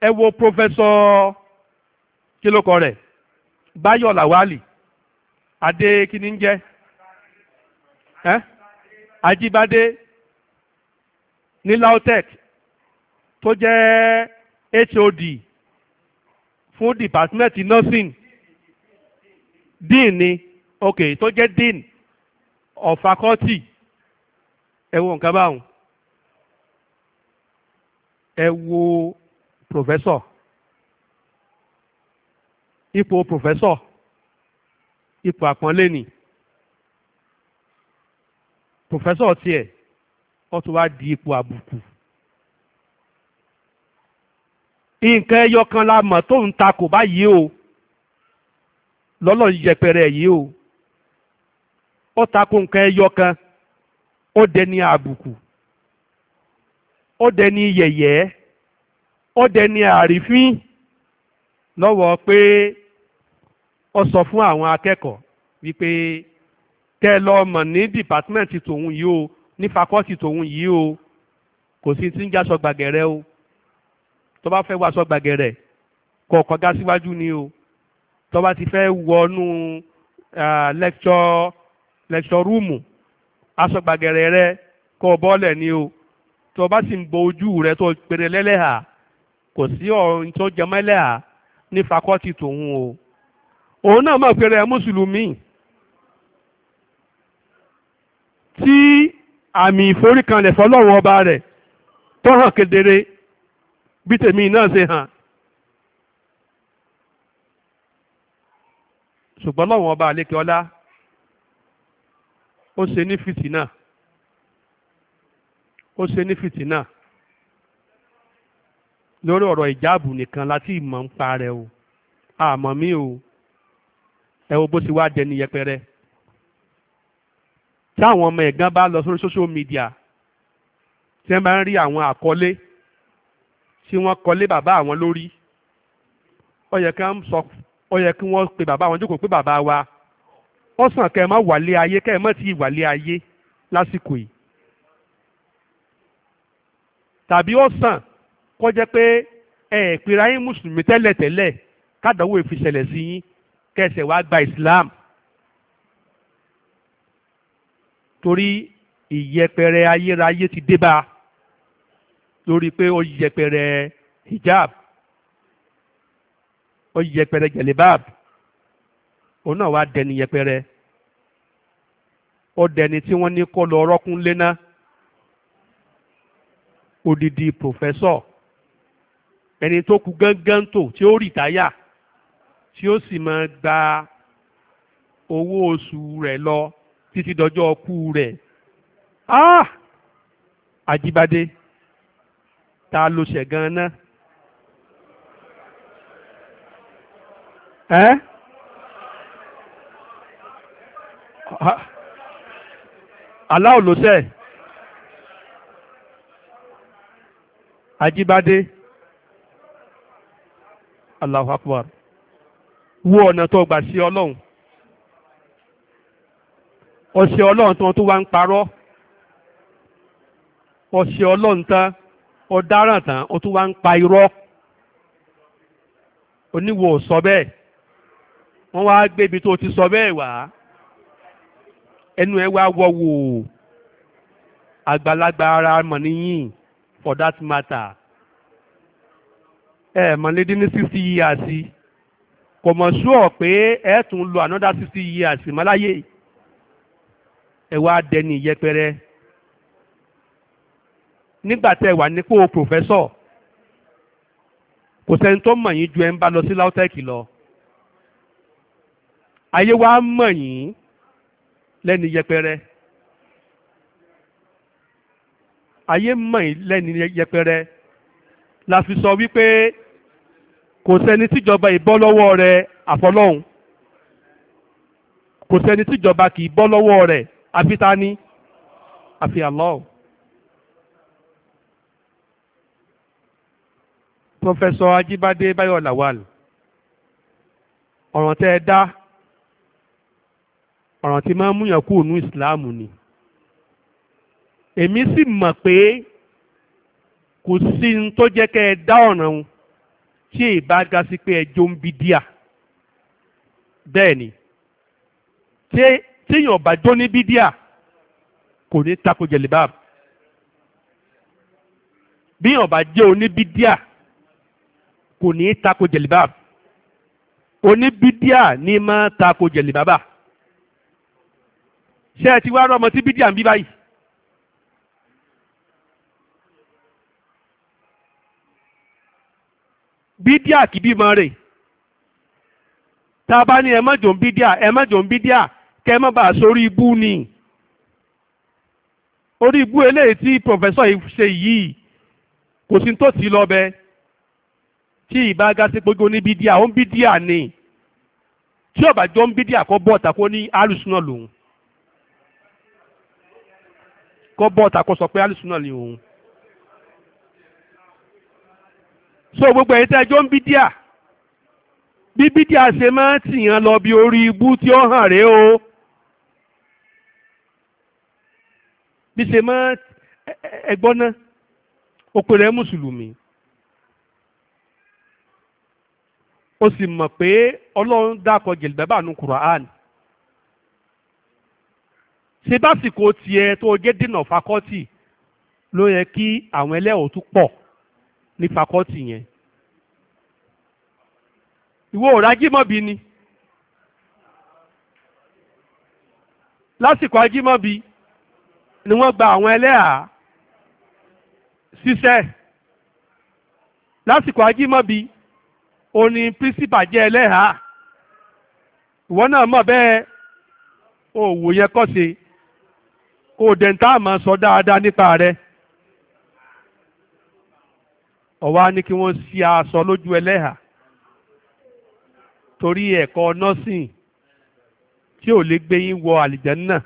ẹ wo professor kí ló kọ rẹ̀ Báyọ̀ Làwálì adé kíní ń jẹ́ ẹ́ Ajíbádé ní LAUTECH tó jẹ́ HOD fún department nursing dean ni ok tó jẹ́ dean of faculty ẹ wo nǹkan báwọn ẹ professor ipò professor ipò àpọ́nlé ni professor tiẹ̀ wọ́n tún wá di ipò àbùkù nǹkan ẹyọ kan la mọ̀ tó ń takò báyìí o lọ́lọ́ yẹpẹrẹ yìí o ó takò nǹkan ẹyọ kan ó dẹni àbùkù ó dẹni yẹ̀yẹ́ ó dẹni àrífín lọ́wọ́ pé ó sọ fún àwọn akẹ́kọ̀ọ́ wípé tẹ́ lọ mọ̀ ní dìpátímẹ̀ntì tòun yìí o ní fakọ́ọ̀tì tòun yìí o kò sí ti ń jásọ gbàgẹ̀rẹ̀ o tó bá fẹ́ wàásọ gbàgẹ̀rẹ̀ kọ̀ kọjá síwájú ni o tó bá ti fẹ́ wọnú lecture lecture room aṣọ gbàgẹ̀rẹ̀ rẹ kọ̀ bọ́ọ̀lẹ̀ ni o tó bá sì ń bo ojú rẹ tó pèrè lẹ́lẹ́hà kò sí ọ̀run tó jẹmọ́lẹ̀ à ní fakọ́tì tòun o òun náà mọ̀ pé rẹ̀ mùsùlùmí tí àmì ìforíkanlẹ̀ fọlọ́run ọba rẹ̀ tó hàn kedere bí tèmi náà ṣe hàn ṣùgbọ́n lọ́wọ́n ọba àlékè ọlá ó ṣe ní fìtínà ó ṣe ní fìtínà lórí ọ̀rọ̀ ìjáàbù nìkan láti ìmọ̀ ń pa rẹ̀ o àmọ́ mi o ẹ wo bó ti wá dẹni yẹpẹrẹ táwọn ọmọ ẹ̀gán bá lọ sórí social media tí wọ́n bá ń rí àwọn àkọlé tí wọ́n kọlé bàbá àwọn lórí ó yẹ ó yẹ kí wọ́n pe bàbá àwọn jókòó pé bàbá wa ó sàn kẹ́ ẹ má wàlé ayé kẹ́ ẹ má ti wàlé ayé lásìkò yìí tàbí ó sàn kó jẹ́ pé ẹ pera yín mùsùlùmí tẹ́lẹ̀tẹ́lẹ̀ kádàwó ìfiṣẹ̀lẹ̀ sí yín kẹsẹ̀ wá gba Islam torí ìyẹpẹrẹ ayérayé ti dé bá a lórí pé ó yẹpẹrẹ hijab ó yẹpẹrẹ jẹlẹbab òun náà wá dẹni yẹpẹrẹ ó dẹni tí wọ́n ní kó lọ rọ́kún léná odidi pòfẹ́sọ̀ ẹni tó kú gángan tó tí ó rìtáyà tí ó sì máa gba owó oṣù rẹ̀ lọ títí dọjọ́ ọkú rẹ̀ ah Àjíbádé ta ló ṣẹ̀ gan ná ẹ aláwo ló ṣẹ̀ Àjíbádé. Allahu Akbar wo ọ̀nà tó gbà sí ọlọ́run ọ̀sẹ̀ ọlọ́run tán tó wá ń parọ́ ọ̀sẹ̀ ọlọ́run tán ọ̀daràn tán ó tún wá ń pa irọ́ oníwò sọ bẹ́ẹ̀ wọ́n wá gbébi tó ti sọ bẹ́ẹ̀ wá ẹnu ẹ wá wọ́ àgbàlagbà ara mọ̀ níyìn for that matter ẹ mọ̀ lédè ní sixty years kò mọ̀ sùọ́ pé ẹ tún lo another sixty years mọ́láyé ẹ wá dẹni yẹpẹrẹ nígbà tẹ wà nípò pòfẹ́sọ̀ kò sẹ́ni tó mọ̀ yín ju ẹ ń bá lọ sí LAUTECH lọ ayé wa mọ̀ yín lẹ́ni yẹpẹrẹ ayé mọ̀ yín lẹ́ni yẹpẹrẹ la fi sọ wípé kò sẹ́ni tíjọba ìbọ́ lọ́wọ́ rẹ̀ àfọlọ́hun kò sẹ́ni tíjọba kì í bọ́ lọ́wọ́ rẹ̀ àfi ta ni àfi Allah. Prọfẹsọ Ajíbádé Báyọ̀ Lawal ọ̀ràn tẹ́ ẹ dá ọ̀ràn tí máa ń múyàn kúrò ní ìsìláàmù ni èmi sì mọ̀ pé kò sí ní tó jẹ́ kẹ́ ẹ dá ọ̀ràn òun tí èyí bá ga sí pé ẹjọ́ ń bi díà bẹ́ẹ̀ ni téèyàn ọ̀bà jó ní bí díà kò ní tako jẹ̀lìbáàbù bí ọ̀bà jẹ́ oníbídíà kò ní tako jẹ̀lìbáàbù oníbídíà ní máa tako jẹ̀lìbáàbà ṣé ẹ ti wá rọ́mọ tí bídíà ń bí báyìí bídíà kì bímọ rẹ̀ tá a bá ní ẹ mọ́jọ̀ ń bídíà ẹ mọ́jọ̀ ń bídíà kẹ́ ẹ má bàa sórí ibú ni orí ibú eléyìí tí pòfẹ́sọ̀ yìí ṣe yìí kò sí tó tì í lọ bẹ tí ìbá gásí pé ó ní bídíà ó ń bídíà ni tí ó bá ń bídíà kó bọ́ ọ̀tà kó ní alùsùnà lòun kó bọ́ ọ̀tà kó sọ pé alùsùnà lòun. so gbogbo ẹ̀yin tẹ́jọ́ ń bí díà bí bí díà ṣe máa ń tìyàn lọ bí orí ibú tí ó hàn rèé o bí ṣe máa ẹgbọ́n náà òpè rẹ̀ mùsùlùmí o sì mọ̀ pé ọlọ́run dákọ̀ jẹ̀lẹ́bà nu Quran ṣe básìkò tiẹ̀ tó jẹ́ dènà fakọ́tì ló yẹ kí àwọn ẹlẹ́wọ̀n tún pọ̀ ní fakọ́tì yẹn ìwọ ò rájímọ̀bí ni lásìkò ajímọ̀bí ni wọ́n gba àwọn ẹlẹ́à ṣiṣẹ́ lásìkò ajímọ̀bí ó ní pírísìpà jẹ́ ẹlẹ́à ìwọ náà mọ̀ bẹ́ẹ̀ òwò yẹ kọ́ ṣe kó o àmọ́ sọ dáadáa nípa rẹ̀ ó wá ní kí wọ́n ṣí aṣọ lójú ẹlẹ́hà torí ẹ̀kọ́ nọ́sìn tí ò lè gbé yín wọ àlìjẹ́nà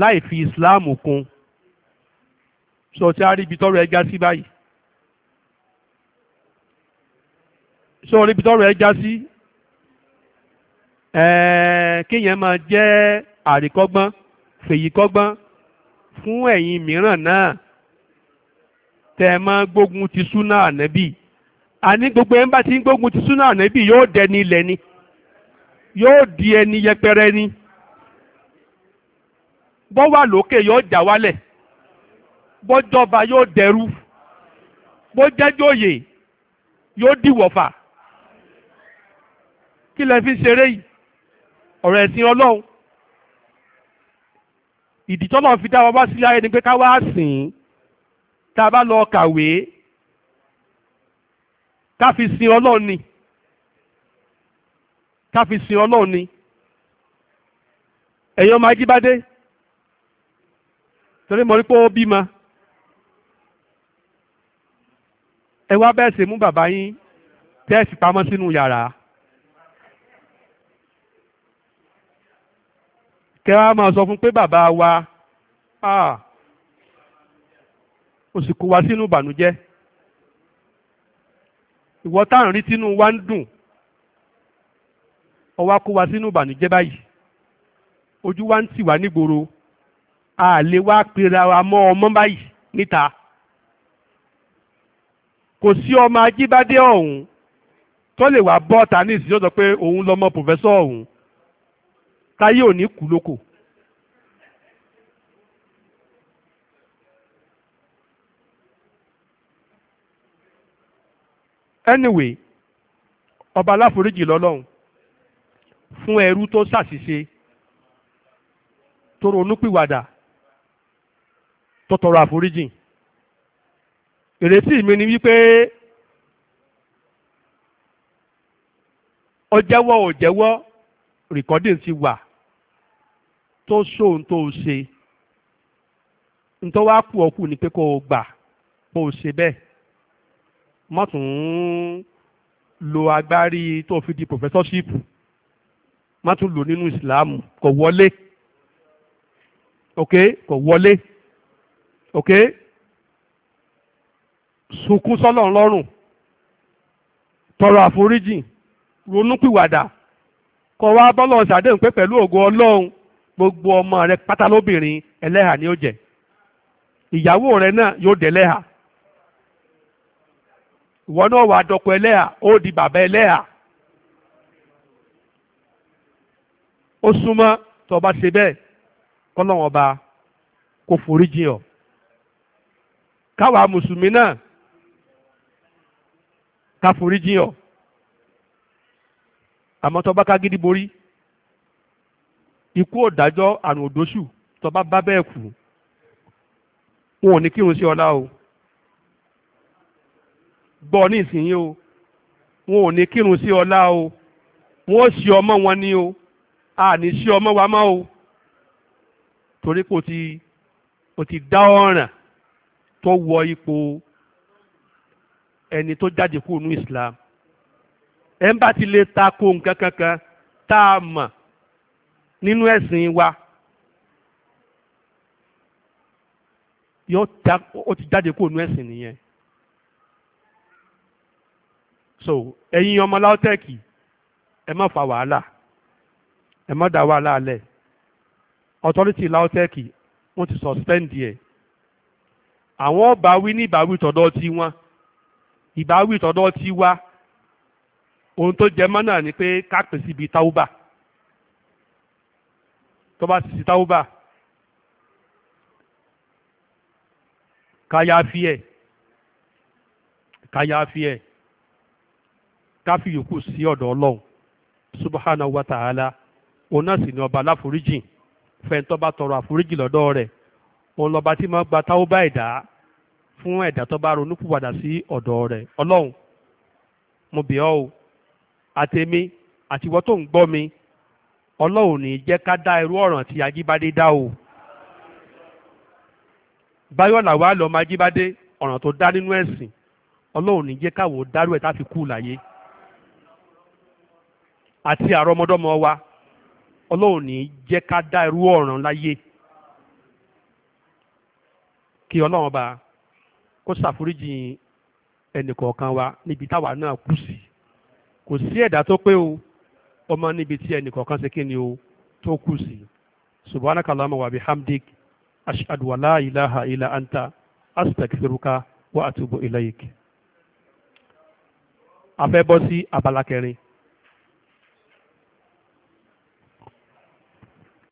láì fi Islam kún sọ tí a rí ibi tọ́rọ̀ ẹja sí báyìí sọ rí ibi tọ́rọ̀ ẹja sí kéèyàn máa jẹ́ àríkọ́gbọ́n fèyíkọ́gbọ́n fún ẹ̀yin mìíràn náà tẹ́ ẹ máa gbógun ti súnà ànábì àní gbogbo ẹ̀ ń bá ti ń gbógun ti súnà ànábì yóò dẹni ilẹ̀ ni yóò di ẹni yẹpẹrẹ ni bó wà lókè yóò jà wálẹ̀ bó jọba yóò dẹrú bó jẹ́jọ́yè yóò dìwọ̀fà kí lẹ fi ṣeré yìí ọ̀rọ̀ ẹ̀sìn ọlọ́run ìdí tọ́lọ́ fi dá wa wá sílé ayé ni pé ká wá sìn ín tá a bá lọ kàwé ká fi sin ọlọ́run ni ká fi sin ọlọ́run ni ẹ̀yin ọmọ ajíbádé torí mo rí pé ó bímọ ẹ wá bẹ́ẹ̀ sì mú bàbá yín tẹ́ẹ̀sì pamọ́ sínú yàrá kẹ́ wá máa sọ fún pé bàbá wa ah ó sì kó wa sínú ìbànújẹ́ ìwọ tá à ń rí tínú wa ń dùn ó wá kó wa sínú ìbànújẹ́ báyìí ojú wa ń tì wá nígboro a lè wá pera wa mọ́ ọmọ báyìí níta kò sí ọmọ ajíbádé ọ̀hún tó lè wá bọ́ ta ní ìsìn yóò sọ pé òun lọmọ pòfẹ́sọ̀ ọ̀hún táyé ò kú lóko. anyway ọba aláforíjì lọ́lọ́run fún ẹrú tó ṣàṣìṣe tó ronúpìwàdà tó tọrọ àforíjì ìrètí mi ni wípé ọjẹ́wọ́ ò jẹ́wọ́ rìkọ́dìn ti wà tó sóhun tó ṣe ntọ́wá kú ọkù ni pé kó gbà kó ṣe bẹ́ẹ̀ má tún lo agbárí tó fi di professorship má tún lò nínú Islam kò wọlé ok kò wọlé ok sunkún sọ́lọ́run lọ́rùn tọrọ àforíjì ronúpìwàdà kọ wá bọ́lọ̀ ṣàdéhùn pé pẹ̀lú ògo Ọlọ́run gbogbo ọmọ rẹ pátá lóbìnrin ẹlẹ́hà ni ó jẹ ìyàwó rẹ náà yóò dẹ̀lẹ́hà ìwọ náà wà dọkọ ẹlẹ́yà ó di bàbá ẹlẹ́yà ó súnmọ́ tó o bá ṣe bẹ́ẹ̀ kọ́lọ́wọ́n ọba kò foríjì ọ́ káwa mùsùlùmí náà ká foríjì ọ́ àmọ́ tó bá ká gidi borí ikú òdájọ́ àrùn òdóṣù tó bá bá bẹ́ẹ̀ kú wọn ò ní kírun sí ọlá o gbọ́ nísìnyí o wọn ò ní kírun sí ọlá o wọn ò sí ọmọ wọn ni o a ní sí ọmọ wa mọ́ o torí kò ti kò ti dá ọ̀ràn tó wọ ipò ẹni tó jáde kúrò ní Islam ẹ ń bá ti lè ta ko nǹkan kankan tá a mọ̀ nínú ẹ̀sìn wa yóò ta ó ti jáde kúrò ní ẹ̀sìn nìyẹn so ẹ̀yin ọmọ LAUTECH ẹ má fa wàhálà ẹ má dá wàhálà alẹ̀ authority LAUTECH wọ́n ti suspend ẹ̀ àwọn ọ̀báwí ní ìbáwí tọ̀dọ̀ tí wọ́n ìbáwí tọ̀dọ̀ tí wá ohun tó jẹ mọ́ náà ni pé ká pè síbi tó bá sì sí táwùbà káyáfì ẹ̀ káyáfì ẹ̀ káfí yòókù sí ọ̀dọ̀ ọlọ́run subhanahu wa ta'ala òun náà sì ni ọba aláforíjìn fẹ́ntọ́ bá tọrọ àforíjì lọ́dọ̀ rẹ̀ òun lọ́ba tí máa gba táwọ́bá ẹ̀dá fún ẹ̀dá tó bá ronúpìwàdà sí ọ̀dọ̀ rẹ̀ ọlọ́run mo bẹ̀ ọ́ o àtèmi àtiwọ́ tó ń gbọ́ mi ọlọ́run ní jẹ́ ká dá irú ọ̀ràn tí ajíbádé dá o báyọ̀ làwa lọ́ọ́ ajíbádé ọ̀ràn tó dá nínú ẹ̀sìn ọlọ́run ní jẹ́ káwọ́ dárú ẹ̀ tá fi kú láyé. àti àrọmọdọ́mọ wa ọlọ́run ní jẹ́ ká dá irú ọ̀ràn láyé kí ọlọ́run bá kó ṣàforíjì ẹnìkọ̀ọ̀kan wa níbi táwa náà kú sí kò sí ẹ̀dá tó pé o ọmọ níbi tí ẹnìkọ̀ọ̀kan ṣe kí ni o tó kú sí subhanaka allahumma wa bihamdik anta astaghfiruka wa atubu ilayk a fẹ́ bọ́ sí abala kẹrin.